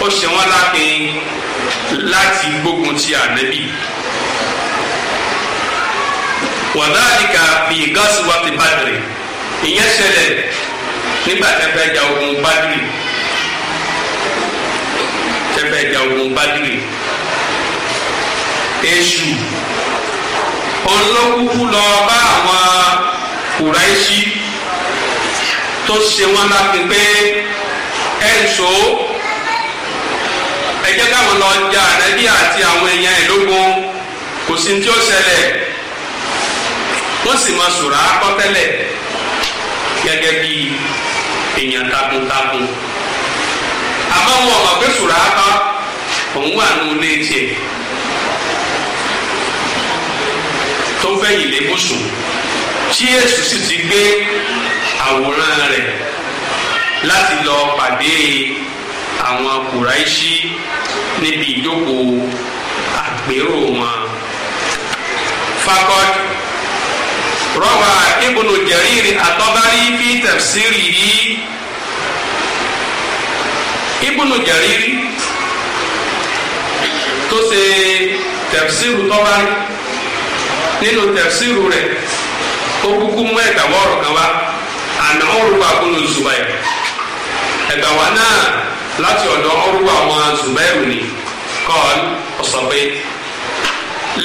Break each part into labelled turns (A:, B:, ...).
A: ó ṣe wọ́n lápin láti gbógun ti ànábì wàdálìkà fi gọ́ọ̀sì wá ti bàdìrì ìyẹn ṣẹlẹ̀ nígbà tẹ́fẹ́ ja ogun bàdìrì tẹ́fẹ́ ja ogun bàdìrì èṣù olókùkù lọ bá àwọn kùráìṣì tó ṣe wọ́n lápin pé ẹ̀ ń sọ ẹ jẹ́ káwọn lọ ja ànábì àti àwọn èèyàn ẹ̀ lógun kò sí ní tí ó ṣẹlẹ̀ wọ́n sì máa sùrà kọ́tẹ́lẹ̀ gẹ́gẹ́ bí èèyàn takuntakun àmọ́ wọn ọ̀mọ̀ pé sùrà bá òun wà nù ilé tiẹ̀ tó fẹ̀yìn lébùsùn tí Èṣù sì ti gbé àwòrán rẹ̀ láti lọ pàdé àwọn Kùráìṣì níbi ìjókòó àpérò wọn. fakọ́d rọ́wà ibùnú jẹ̀rìrì àtọ́bárí fi tafsiri yìí ibùnú jẹ̀rìrì tó ṣe tafsiru tọ́bárí nínú tafsiru rẹ̀ ó kúkú mú ẹ̀dàwọ̀ ọ̀rọ̀ kan wá àná ọ̀rùn wa kúnnù zùbáyà ẹ̀dàwọ̀ náà láti ọ̀dọ̀ ọ̀rùwà wọn zubairu ni kọ́ọ̀n ọ̀sọ̀bẹ.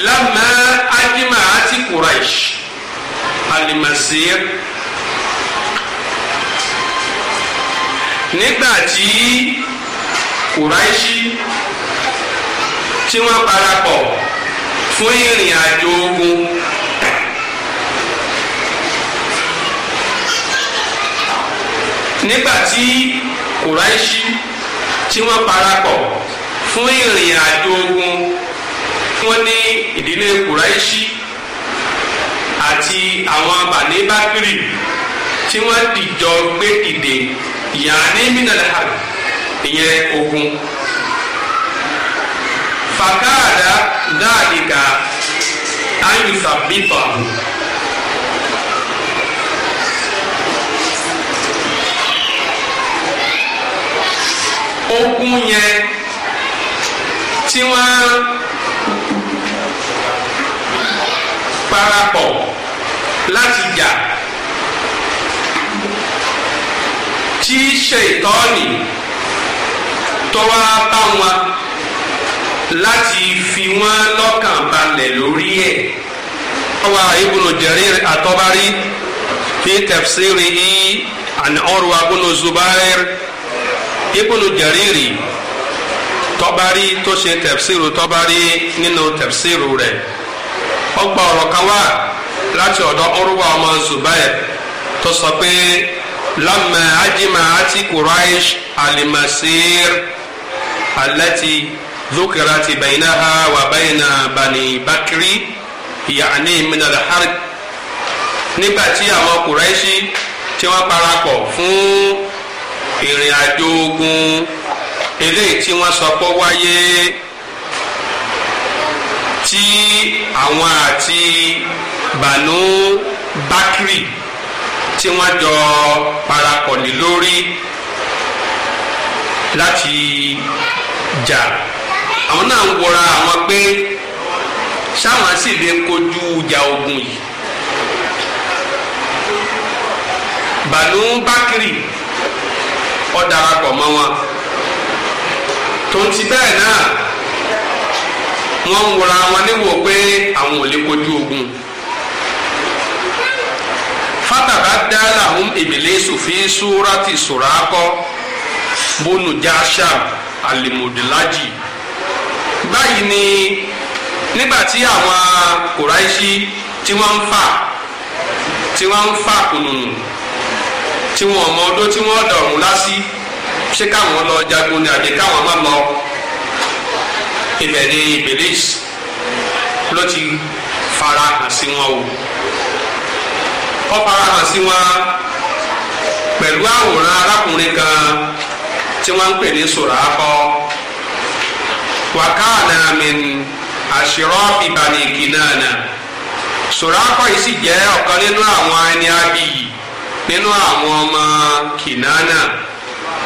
A: lamma ajima ati quraish alimasir nígbà tí kuraishi tí wọ́n parapọ̀ fún ìrìn àjò ogun nígbà tí kuraishi tí wọ́n parapọ̀ fún ìrìn àjò ogun wọ́n ní ìdílé kùráìṣì àti àwọn bàní bákìrì tí wọ́n dìjọ gbé dìde yàní mínàlẹ́hàbì ìyẹn ogun fàkàdà dáàdìgà ayùsàbítọ̀ àbùkù. ogún yẹn tí wọ́n parapọ̀ láti jà tí ṣètọ́ọ̀nì tó wá bá wọn láti fi wọ́n lọ́kàn balẹ̀ lórí ẹ̀. ọwọ́ ibùnú Jarir àtọ́bárí fi tafsirihi an Urwa ibùnú Zubair ibùnú jẹ̀rìrì tọ́bárí tó ṣe tẹ̀fsíìrù tọ́bárí nínú tẹ̀fsíìrù rẹ̀ ó gba ọ̀rọ̀ kan wá láti ọ̀dọ̀ ọ̀rùwà ọmọ zubair tó sọ pé lamma ajima ati quraish alimasir alati dhukirati bainaha wa baina bani bakri yaani minal harb nígbà tí àwọn quraishi tí wọ́n parapọ̀ fún ìrìn àjò ogun eléyìí tí wọ́n sọ pé wáyé tí àwọn àti bànú bákìrì tí wọ́n jọ parapọ̀ lé lórí láti jà àwọn náà ń wọra àwọn pé sáwọn sì lè kojú ìjà ogun yìí bànú bákìrì ó darapọ̀ mọ́ wọn tó ń ti bẹ́ẹ̀ náà wọ́n ń wọra wọn níwò pé àwọn ò lè kojú ogun fataba dala hum ibilisu fi surati surakọ bonu jasham alimodilaji báyìí ni nígbà tí àwọn kuraishi tí wọ́n ń fà tí wọ́n ń fà kùnùnù tí wọn mọ ọdún tí wọn dọ̀ ọ̀hún lásì ṣé káwọn lọ jagun ni àbí káwọn má lọ ibẹ̀ ni Iblis ló ti fara hàn sí wọn o ó fara hàn sí wọn pẹ̀lú àwòrán arákùnrin kan tí wọ́n ń pè ní Sùràkọ́ wàkàna min ashrafi Bani Kinana Sùràkọ́ yìí sì jẹ́ ọ̀kan nínú àwọn ẹni abiyì nínú àwọn ọmọ kìnánà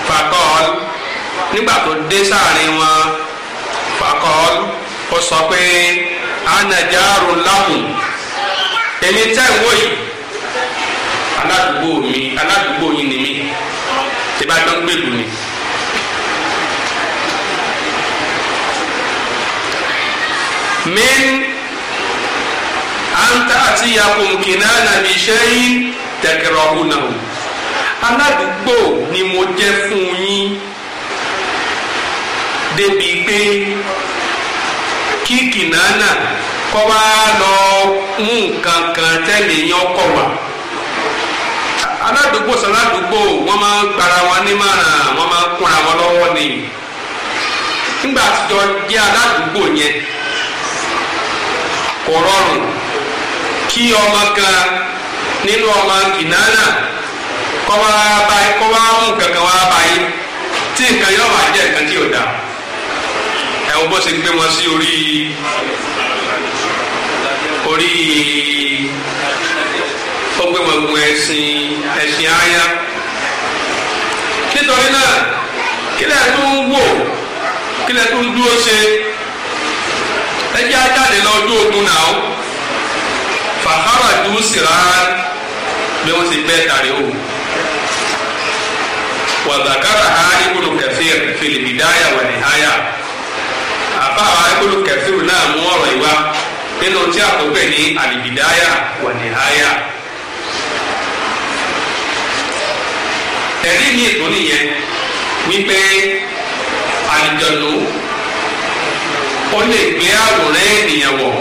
A: fakọ́l nígbà tó dé sáàrin wọn fakọ́l ó sọ pé anajaru lahun èmi tẹ́ ń wò aládùúgbò mi aládùúgbò yìí ni mí tí bá tó ń gbèlú ni. min anta àti yakun kìnánà bíi ṣẹ́yìn tẹkẹrọ ọhúnà o aládùúgbò ni mo jẹ́ fún yín débi pé kí kìnnánà kọ́ wá lọ mú nǹkan kan tẹ́lẹ̀ yẹn ọkọ̀ wá aládùúgbò sàládùúgbò wọ́n máa ń gbara wọn nímọ̀ràn wọ́n máa ń kúnra wọn lọ́wọ́ ni nígbà àtijọ́ jẹ́ aládùúgbò yẹn kò rọrùn kí ọmọ kan nínú ọmọ kìnnánà kọ́ wá bá kọ́ wá mú kankan wá bá yín tí nǹkan yóò máa jẹ́ nǹkan tí ò dáa ẹ̀wọ̀n bó ṣe gbé wọn sí orí orí ó gbé wọn gun ẹ̀sìn ẹ̀sìn áyá nítorí náà kílẹ̀ tó ń wò kílẹ̀ tó ń dúró ṣe ẹjẹ́ ajáde lọ ojú ogun náà fàkàrà dùn síra bí wọ́n ti bẹ́ẹ̀ tàrí o wàzàkàrà ha ibùdó kẹfìr fìlìbìdáyà wà ní háyà àfàwà ibùdó kẹfìr náà mú ọ̀rọ̀ ìwá nínú tí a kò pè ní àlìbìdáyà wà ní háyà. ní ètò nìyẹn wípé àlìjọ̀nù ó lè gbé àwòrán ènìyàn wọ̀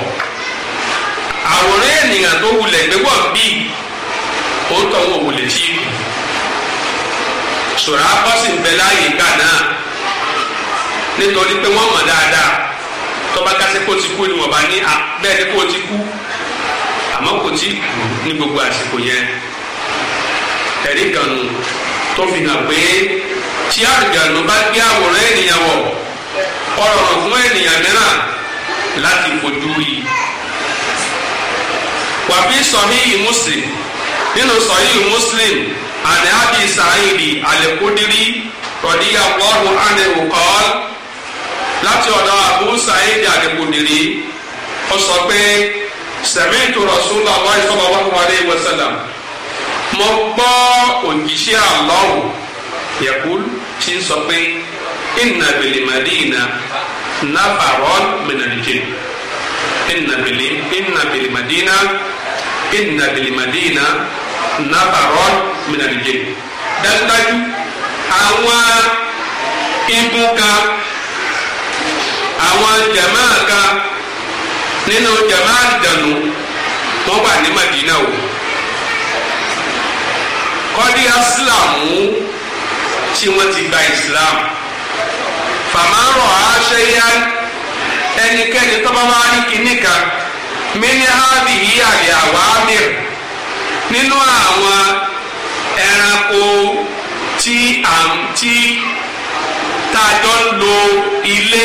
A: àwòrán ènìyàn tó wulẹ̀ gbé bíi orúkọ wọn ò lè tí ì mọ̀ sòrà bọ́sì ń bẹ láàyè ìgbà náà nítorí pé wọ́n mọ̀ dáadáa tọ́ba kásí kó ti kú ni wọ́n bá ní bẹ́ẹ̀ ni kó ti kú àmọ́ kò tí kú ní gbogbo àsìkò yẹn ẹ̀rí kan tó fi hàn pé tí àgbàdo bá gbé àwòrán ènìyàn wọ̀ ọ̀rọ̀ fún ènìyàn mìíràn láti fojú rí wàbí sọ ní ìmúsìn nínú sọ̀yìn muslim àní abi sa'idi alẹ́kúndírí rọ̀díyà wọ́ọ̀rù àni òkọ́ọ́l láti ọ̀dọ̀ abu sa'idi alẹ́kúndírí ó sọ pé sẹ̀mìtì rọ̀ṣúlọ̀ wọ́n ìṣọ́lọ̀ wọ́n wà ní ìwọ̀sẹ̀lẹ̀ mo gbọ́ òjíṣẹ́ àlọ́hùn yẹ̀kúl tí sọ pé inna bil madina nafaron min al-jinn inna bil inna bil inna bil nàbàrọ̀ mìnàlìjẹ dájúdájú àwọn igun kan àwọn jamaa kan nínú jamaa dànù tó wà ní Madina o kọ́dí asilamu tí wọ́n ti gba Islam fàmárọ̀ àṣeyá ẹnikẹ́ni tó bá wá ní kinní kan mí ní hábì yí àlè àwámìrì nínú àwọn ẹranko tí à ń tí tá a jọ ń lo ilé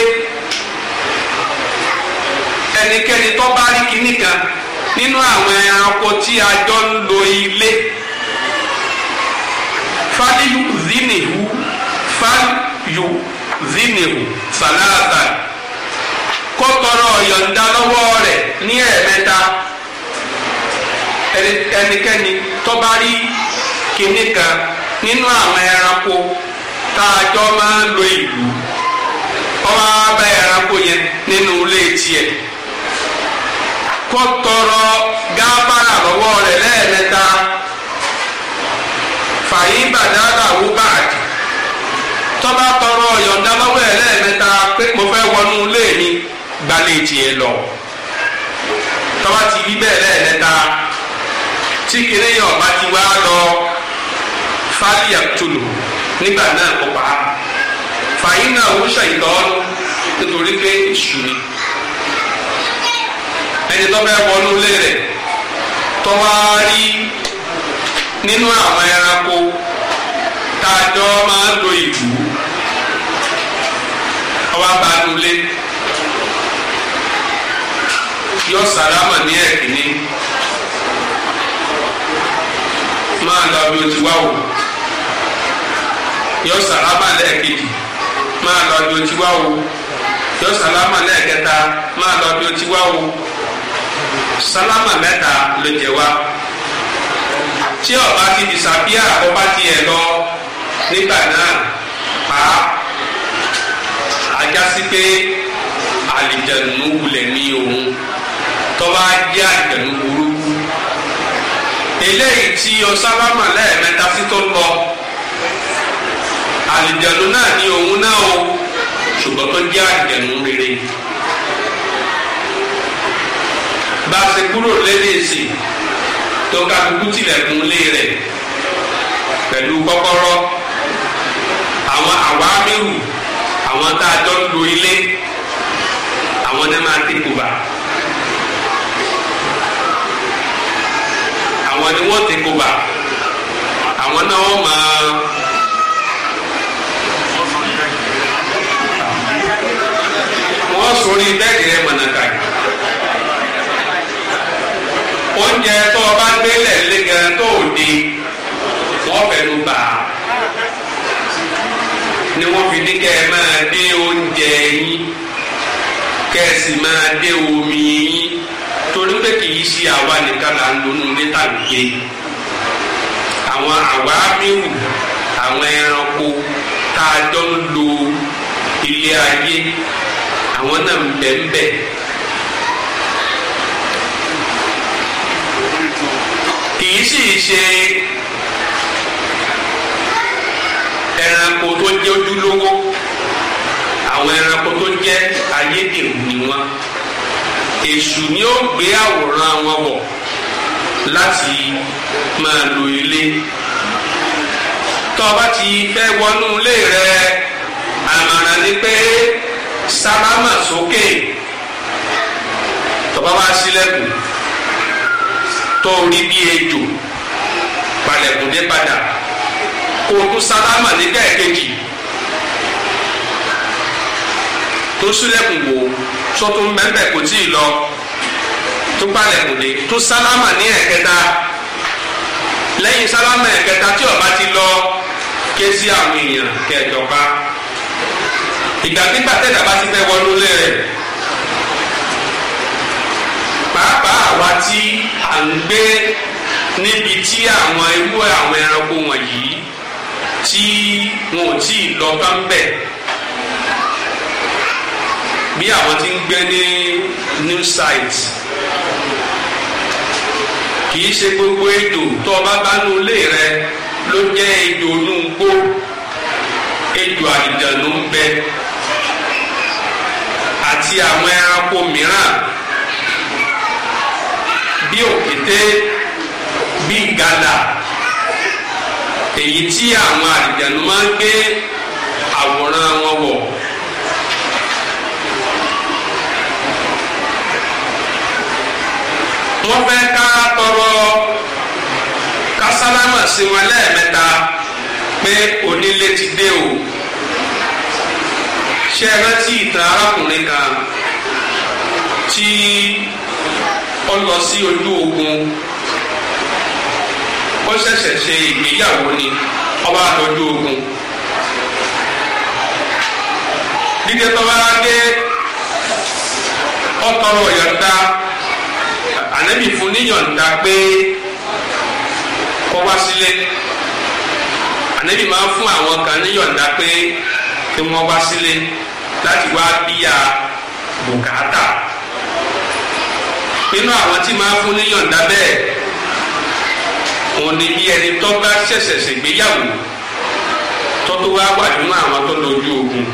A: ẹnikẹ́ni tó bá rí kinní kan nínú àwọn ẹranko tí a jọ ń lo ilé faliyu zinihu faliyu zinihu salata kó tọrọ ọ̀yọ̀ǹda lọ́wọ́ ẹnikẹ́ni tó bá rí kinní kan nínú àwọn ẹranko tá a jọ máa ń lo ìlú ọba bá ẹranko yẹn nínú ilé tiẹ̀ kó tọrọ gáfárà lọ́wọ́ rẹ̀ lẹ́ẹ̀mẹ́ta fàyí bàdàdà wú báàdì tọ́ba tọrọ yọ̀ǹda lọ́wọ́ ẹ̀ lẹ́ẹ̀mẹ́ta pé mo fẹ́ wọnú ilé mi gbalẹ̀ tiẹ̀ lọ tọ́ba ti rí bẹ́ẹ̀ lẹ́ẹ̀mẹ́ta tí kìnìún yẹn ọba ti wá lọ fàlíyà tùlù nígbà náà kó pa á
B: fàyín náà ó ṣàyìntọ́
A: nítorí pé ìṣù ni ẹni tó bẹ́ẹ̀ wọnú ilé rẹ̀ tó wá rí nínú àwọn ẹranko tájọ́ máa lo ìlú ọba bá nulẹ̀ yọ sàlámà ní ẹ̀ka. wa bí o ti wá o yọ sàlámà lẹ́ẹ̀kejì máa lọ bí o ti wá o yọ sàlámà lẹ́ẹ̀kẹta máa lọ bí o ti wá o sàlámà mẹ́ta ló jẹ wá tí ọba ti disapia ọba ti ẹ lọ nígbà náà pa àjásí pé àlìjẹ̀nù wulẹ̀ ní òun tọ́ba jẹ́ àlìjẹ̀nù eléyìí tí o sálámà lẹ́ẹ̀mẹ́ta sí tó ń lọ àlìjẹ̀nu náà ni òun náà o ṣùgbọ́n tó jẹ́ àlìjẹ̀nu rere bá a ṣe kúrò lẹ́lẹ́sì tó ká kúkú tilẹ̀kùn lé rẹ̀ pẹ̀lú kọ́kọ́rọ́ àwọn àwa mẹ́rù àwọn tá a jọ ń lo ilé àwọn náà máa dé kùbà. àwọn ni wọ́n ti kóbá àwọn náà wọ́n máa. wọ́n sori bẹ́ẹ̀dì rẹ̀ mọ̀nàkà yìí. oúnjẹ tó o bá gbélé lé gan tó o di wọ́n fẹnu bá a. ni wọ́n fi ní kẹ́ ẹ máa dé oúnjẹ yín kẹ́ ẹ sì máa dé omi yín torí pé kì í ṣe àwa nìkan là ń lonú létà gbé àwọn àwa mìíràn àwọn ẹranko tá a jọ ń lo ilé ayé àwọn náà ń bẹ̀ ń bẹ̀. kì í sì ṣe ẹranko tó jẹ́ ojúlówó àwọn ẹranko tó jẹ́ ayédèrú ni wọ́n èṣù ni ó gbé àwòrán wọn wọ̀ láti máa lo ilé tó o bá ti fẹ́ wọnú ilé rẹ àmàràn ni pé sábàmà sókè tó o bá wá sílẹ̀kùn tó o rí bí ejò palẹ̀kùn dé padà kó tún sábàmà nígbà kejì tó sílẹ̀kùn wò ó tó tún bẹ́ẹ̀ kò tí ì lọ tó palẹ̀ kò dé tó sálámà ní ẹ̀kẹta lẹ́yìn sálámà ẹ̀kẹta tí ọba ti lọ ké sí àwọn èèyàn kẹjọba ìgbà pípa tẹ̀dá bá ti fẹ́ wọnú lé rẹ̀ pàápàá àwa tí à ń gbé níbi tí àwọn irú àwọn ẹranko wọ̀nyí tí wọn ò tí ì lọ tán bẹ́ẹ̀ bí àwọn tí ń gbé ní new site kì í ṣe gbogbo ejò tó o bá bá nu ilé rẹ ló jẹ́ ejò inú gbó ejò àlìjànú ń bẹ àti àwọn ẹranko mìíràn bí òkété bí gàdà èyí tí àwọn àlìjànú máa ń gbé. wọ́n fẹ́ ká tọrọ kásálámà sí wọn lẹ́ẹ̀mẹ́ta pé onílé ti dé o ṣé ẹ rántí ìtàn arákùnrin kan tí ó lọ sí ojú ogun ó ṣẹ̀ṣẹ̀ ṣe ìgbéyàwó ni ọba àtọ́jú ogun dídé tọ́ba dé ó tọrọ ìyọ̀ǹda ànábì fún níyọ̀ǹda pé kó wá sílé ànábì máa ń fún àwọn kan níyọ̀ǹda pé kí wọ́n wá sílé láti wá bíyà bùkátà nínú àwọn tí máa ń fún níyọ̀ǹda bẹ́ẹ̀ òun ni bí ẹni tó bá ṣẹ̀ṣẹ̀ ṣègbéyàwó tó tó wá wà nínú àwọn tó lójú ogun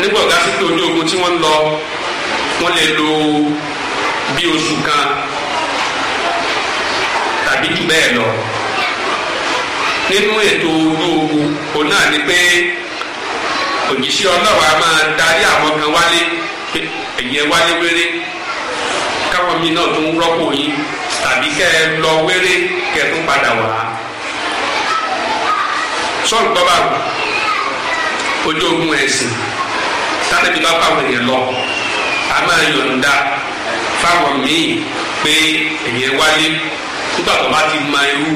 A: nígbà ọ̀gá sí pé ojú ogun tí wọ́n ń lọ wọ́n lè lo bí oṣù kan tàbí jù bẹ́ẹ̀ lọ nínú ètò ojú ogun òun náà ni pé òjìṣẹ́ ọlọ́wàá máa darí àwọn kan wálé ẹ̀yẹ wálé wéré káwọn mi náà tún rọ́pò yín tàbí kẹ́ ẹ lọ wéré kẹ́ ẹ tún padà wá sọ́ọ̀nù gbọ́ bá wù ojú ogun ẹ̀sìn tálẹ́bí bá bá wọ̀nyẹn lọ a máa yọ̀ǹda fáwọn míì pé ẹ̀yẹ wálé nígbà tó bá ti mọ irú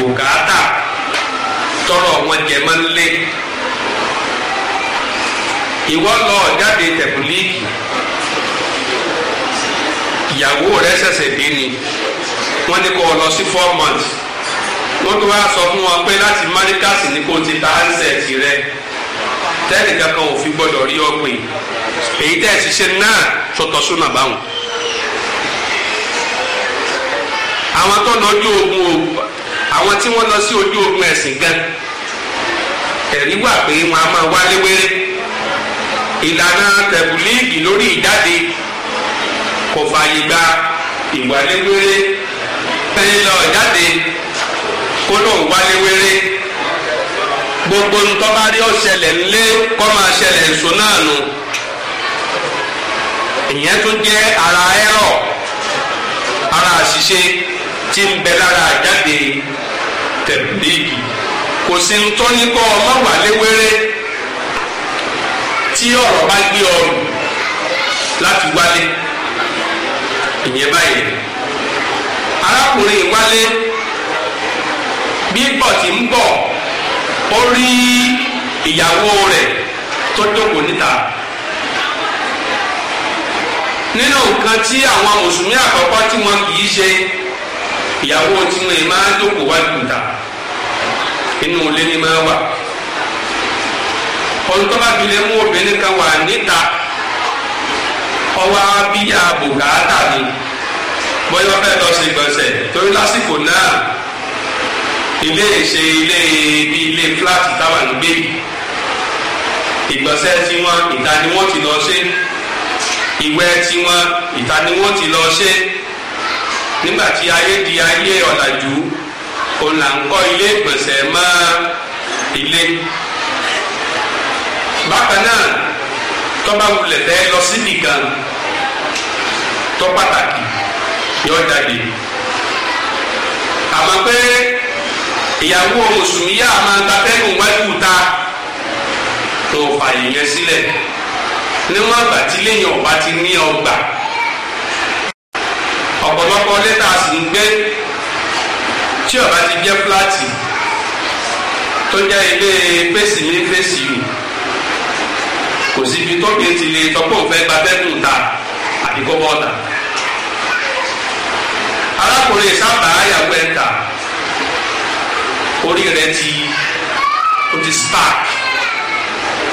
A: bùkátà tọrọ wọn jẹ mọ́ nílé ìwọ lọ jáde tẹ̀kùlíìkì ìyàwó rẹ ṣẹ̀ṣẹ̀ dé ni wọ́n ní kó lọ sí four months wọ́n tó wá sọ fún wọn pé láti máríkàsì ní kó ti ta handset rẹ tẹ́nì kankan ò fi gbọ́dọ̀ rí ọ pé èyí tẹ́ ẹ ti ṣe náà sọ̀tọ̀ súnà báwọn. àwọn tó lọ ojú ogun o àwọn tí wọ́n lọ sí ojú ogun ẹ̀sìn gan ẹ̀rí wà pé wọn a máa wálé wéré ìlànà tẹ̀bùlíìgì lórí ìjáde kò fààyè gba ìwálé wéré ẹni lọ kó lóun wálé wéré. gbogbo ntọ́bárí ọ̀ṣẹlẹ̀ nle kọ́ máa nso nsọ náà ìyẹn tún ara ara àṣìṣe tí ń bẹ lára àjáde tẹ̀bílíìgì kò sí ń tọ́ tí ọ̀rọ̀ bá gbé ọrùn láti wálé ìyẹn báyìí arákùnrin bí ó rí ìyàwó rẹ̀ tó jókòó níta nínú nǹkan tí àwọn mùsùlùmí àkọ́kọ́ tí wọ́n kì í ṣe ìyàwó tiwọn yìí máa ń jókòó wá dùdà inú ilé ni máa wà ọ̀ntọ́ba bilẹ̀ mú obìnrin kan wà níta ọwọ́ bíyà bùkátà ni bọ́yọ̀ fẹ́ lọ sí gbọ̀nsẹ̀ torí lásìkò náà ilé ìṣe ilé bí ilé fúláàtì táwọn ń gbé ìgbọ̀nsẹ̀ tiwọn ìta ni wọ́n ti lọ ṣe ìwẹ̀ tiwọn ìta ni wọ́n ti lọ ṣe nígbà tí ayé di ayé ọ̀làjú òun ilé ìgbọ̀nsẹ̀ mọ́ ilé bákan náà tọ́ba wulẹ̀ fẹ́ lọ síbi gan tọ́ pàtàkì yọ jáde àmọ́ pé ìyàwó mùsùlùmí yá máa ń gbàtẹ́gùn wájú ta tó fààyè yẹn sílẹ̀ níwọ̀n àgbà tí lẹ́yìn ọ̀bá ti ní ọgbà ọ̀pọ̀lọpọ̀ lẹ́tà sì ń gbé tí ọ̀bá ti jẹ́ fúláàtì tó jẹ́ ilé fèsì ní fèsì yìí kò síbi tóbi ti lè tọ́pọ̀ fẹ́ gbàtẹ́gùn ta àdìgbò bọ́ọ̀dà arákùnrin sábà ayàwó ẹ̀ ta orí rẹ ti o ti spark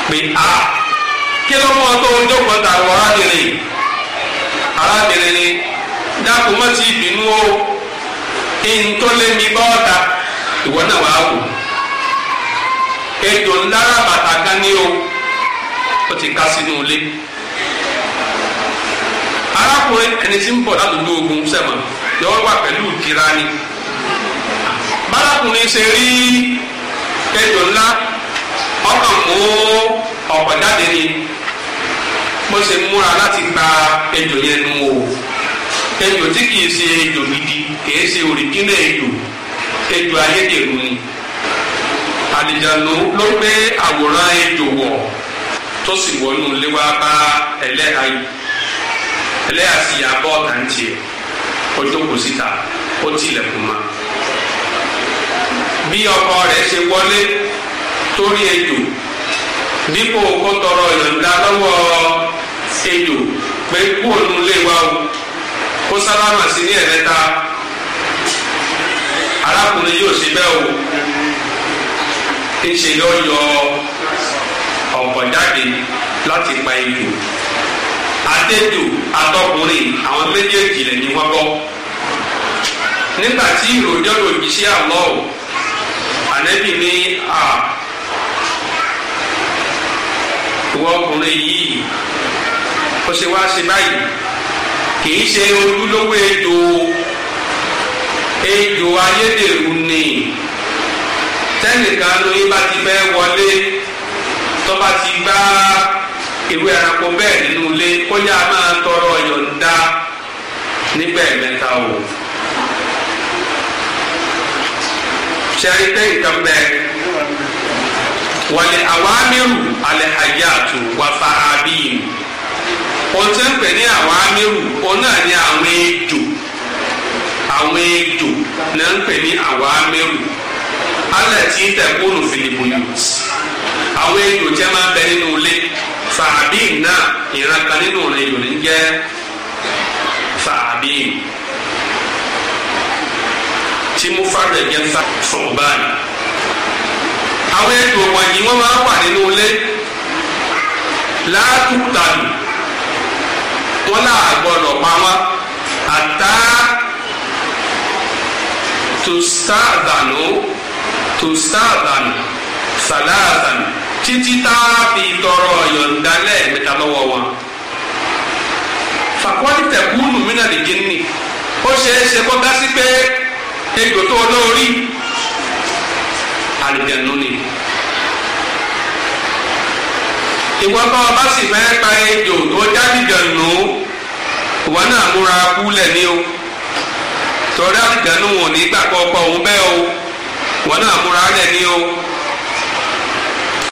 A: pé a kí ló mọ tó ń jókòó ta àwọn arábìnrin arábìnrin ni dákun má ti bínú o ntọ́lẹ́mi bọ́ọ̀ta ìwọ náà wàá wò ètò ńlá bàtà kan ní o ó ti ká sínú ilé arákùnrin ẹni tí ń bọ̀ ládùúgbò ogun sẹ́mọ̀ yọ wá pẹ̀lú ìkíra ni bárakùnrin ṣe rí kẹjọ ńlá ọkàn mú ọ̀pọ̀ jáde ni mo ṣe múra láti gba ejò yẹn nu o ejò tí kìí ṣe ejò gidi kìí ṣe òrìjínà ejò ejò ayédèrú ni àlìjànú ló gbé àwòrán ejò wọ̀ tó sì wọnú ilé bá ẹlẹ́ha ẹlẹ́ha sì yà bọ́ọ̀tà ń tiẹ̀ ó jókòó síta ó tilẹ̀kùn máa bí ọkọ rẹ̀ ṣe wọlé torí ejò dípò kó tọrọ ìyọ̀ǹda lọ́wọ́ ejò pé kú òun lè wá o kó sálámà sí ní ẹ̀mẹ́ta arákùnrin yóò ṣe bẹ́ẹ̀ o ńṣe yọ yọ ọ̀pọ̀ jáde láti pa ejò àtẹ̀jò àtọkùnrin àwọn méjèèjì lẹ́ni wọ́n gbọ́ nígbà tí ìròjọ́ lòdì sí àlọ́ o ànẹ́bì ní à wọ ọkùnrin yìí ó ṣe wá ṣe báyìí kì í ṣe ojúlówó ejò ejò ayédèrú ni tẹnìkan lóyún bá ti fẹ́ wọlé tó bá ti bá ìwé ẹranko bẹ́ẹ̀ nínú ilé kó yá máa tọrọ ìyọ̀ǹda nígbà ẹ̀mẹ́ta o. شريطين كم ذلك والأوامر الحياة وفعابين ohun tí ń pè ní àwọn amírù òun náà ni àwọn ejò àwọn ejò ni ń pè ní àwọn amírù alẹ́ tí ń tẹ̀kúnnù fìlìpù bẹ tí mo fa rẹ̀ yẹn sá sọ̀rọ̀ báyìí. àwọn ètò wọ̀nyí wọ́n máa ń wà nínú ilé látúntàlù wọ́n náà gbọ́dọ̀ pa wọ́n àtá tòsítàdànù tòsítàdànù sàlàdànù títí tá a fi tọrọ yọ̀ǹda lẹ́ẹ̀mẹ́ta lọ́wọ́ wọn. fàkọ́lì tẹ̀kúnù mí náà lè jẹ́ nì ó ṣeé ṣe kó dá sí pé ejò tó olórí àlùjẹ̀nu ni ìwọ bá ọba sì fẹ́ pa ejò tó jálìjẹ̀nu ìwọ náà múra kúlẹ̀ ní o torí àlùjẹ̀nu wọn ò ní gbàgbọ́ ọkọ òun bẹ́ẹ̀ o ìwọ náà múra lẹ̀ o.